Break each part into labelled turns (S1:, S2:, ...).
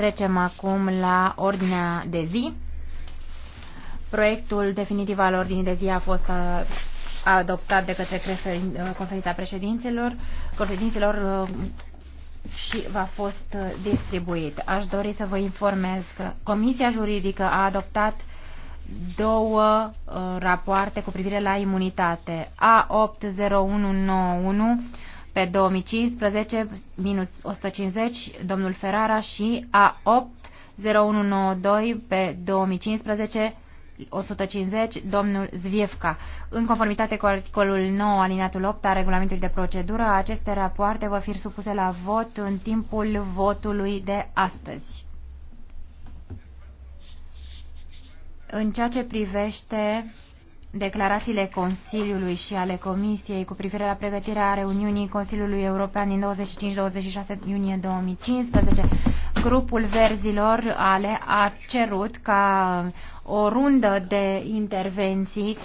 S1: Trecem acum la ordinea de zi. Proiectul definitiv al ordinii de zi a fost uh, adoptat de către uh, conferința președinților, conferinților uh, și va fost distribuit. Aș dori să vă informez că Comisia Juridică a adoptat două rapoarte cu privire la imunitate. A80191 pe 2015, minus 150, domnul Ferrara și A8, 0192 pe 2015, 150, domnul Zviefka. În conformitate cu articolul 9, alineatul 8 a regulamentului de procedură, aceste rapoarte vor fi supuse la vot în timpul votului de astăzi. În ceea ce privește declarațiile Consiliului și ale Comisiei cu privire la pregătirea reuniunii Consiliului European din 25-26 iunie 2015, grupul verzilor ale a cerut ca o rundă de intervenții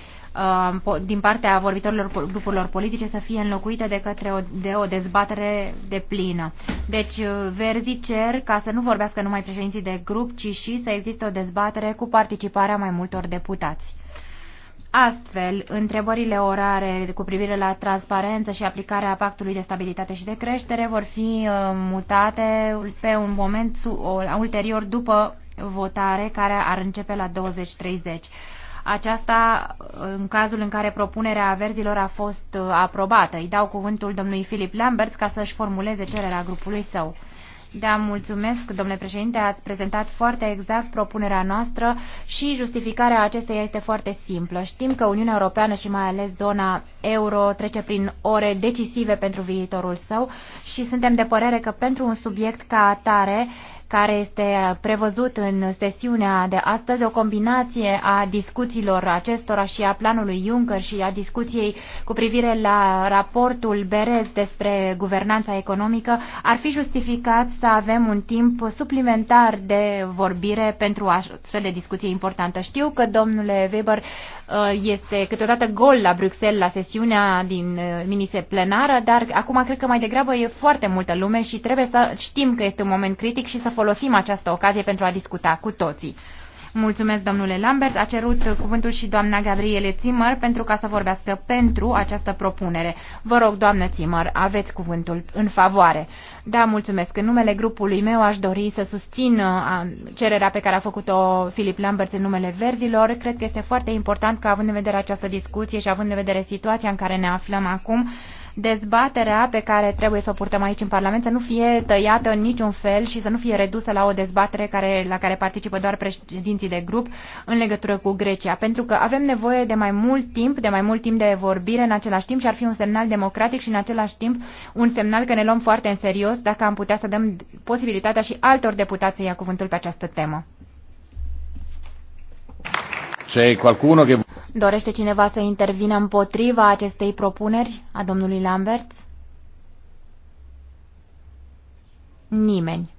S1: uh, din partea vorbitorilor grupurilor politice să fie înlocuită de către o, de o dezbatere de plină. Deci, uh, Verzi cer ca să nu vorbească numai președinții de grup, ci și să existe o dezbatere cu participarea mai multor deputați. Astfel, întrebările orare cu privire la transparență și aplicarea Pactului de Stabilitate și de Creștere vor fi uh, mutate pe un moment ulterior după votare care ar începe la 20.30. Aceasta uh, în cazul în care propunerea averzilor a fost uh, aprobată. Îi dau cuvântul domnului Filip Lamberts ca să-și formuleze cererea grupului său. Da, mulțumesc, domnule președinte, ați prezentat foarte exact propunerea noastră și justificarea acesteia este foarte simplă. Știm că Uniunea Europeană și mai ales zona euro trece prin ore decisive pentru viitorul său și suntem de părere că pentru un subiect ca atare uh, care este prevăzut în sesiunea de astăzi, o combinație a discuțiilor acestora și a planului Juncker și a discuției cu privire la raportul Berez despre guvernanța economică, ar fi justificat să avem un timp suplimentar de vorbire pentru astfel de discuție importantă. Știu că, domnule Weber, uh, este câteodată gol la Bruxelles la sesiunea din uh, minise plenară, dar acum cred că mai degrabă e foarte multă lume și trebuie să știm că este un moment critic și să folosim această ocazie pentru a discuta cu toții. Mulțumesc, domnule Lambert. A cerut cuvântul și doamna Gabriele Zimmer pentru ca să vorbească pentru această propunere. Vă rog, doamnă Zimmer, aveți cuvântul în favoare. Da, mulțumesc. În numele grupului meu aș dori să susțin uh, cererea pe care a făcut-o Filip Lambert în numele verzilor. Cred că este foarte important că, având în vedere această discuție și având în vedere situația în care ne aflăm acum, dezbaterea pe care trebuie să o purtăm aici în Parlament să nu fie tăiată în niciun fel și să nu fie redusă la o dezbatere care, la care participă doar președinții de grup în legătură cu Grecia. Pentru că avem nevoie de mai mult timp, de mai mult timp de vorbire în același timp și ar fi un semnal democratic și în același timp un semnal că ne luăm foarte în serios dacă am putea să dăm posibilitatea și altor deputați să ia cuvântul pe această temă. C'è qualcuno che Dorește cineva să intervină împotriva acestei propuneri a domnului Lambert? Nimeni.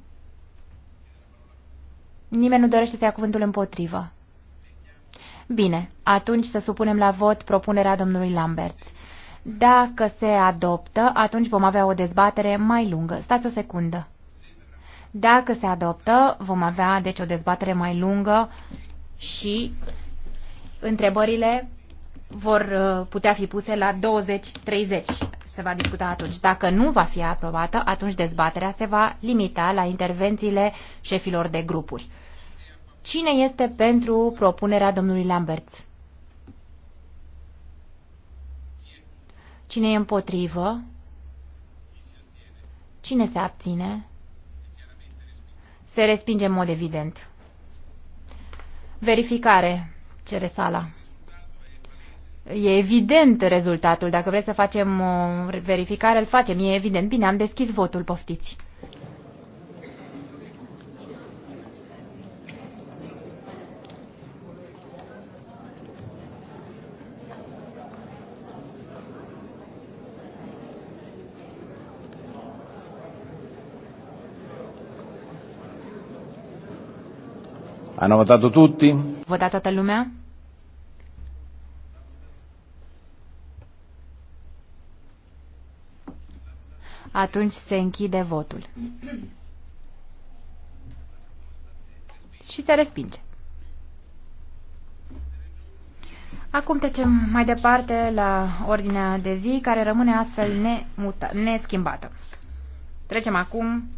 S1: Nimeni nu dorește să ia cuvântul împotrivă. Bine, atunci să supunem la vot propunerea domnului Lambert. Dacă se adoptă, atunci vom avea o dezbatere mai lungă. Stați o secundă. Dacă se adoptă, vom avea deci o dezbatere mai lungă și întrebările vor uh, putea fi puse la 20-30. Se va discuta atunci. Dacă nu va fi aprobată, atunci dezbaterea se va limita la intervențiile șefilor de grupuri. Cine este pentru propunerea domnului Lamberts? Cine e împotrivă? Cine se abține? Se respinge în mod evident. Verificare cere sala. E evident rezultatul. Dacă vreți să facem o verificare, îl facem. E evident. Bine, am deschis votul, poftiți. Hanno votato tutti? Votat tutta lumea? Atunci se închide votul. Și se respinge. Acum trecem mai departe la ordinea de zi, care rămâne astfel nemuta, neschimbată. Trecem acum